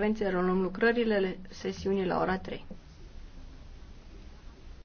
intervenție reluăm lucrările sesiunii la ora 3.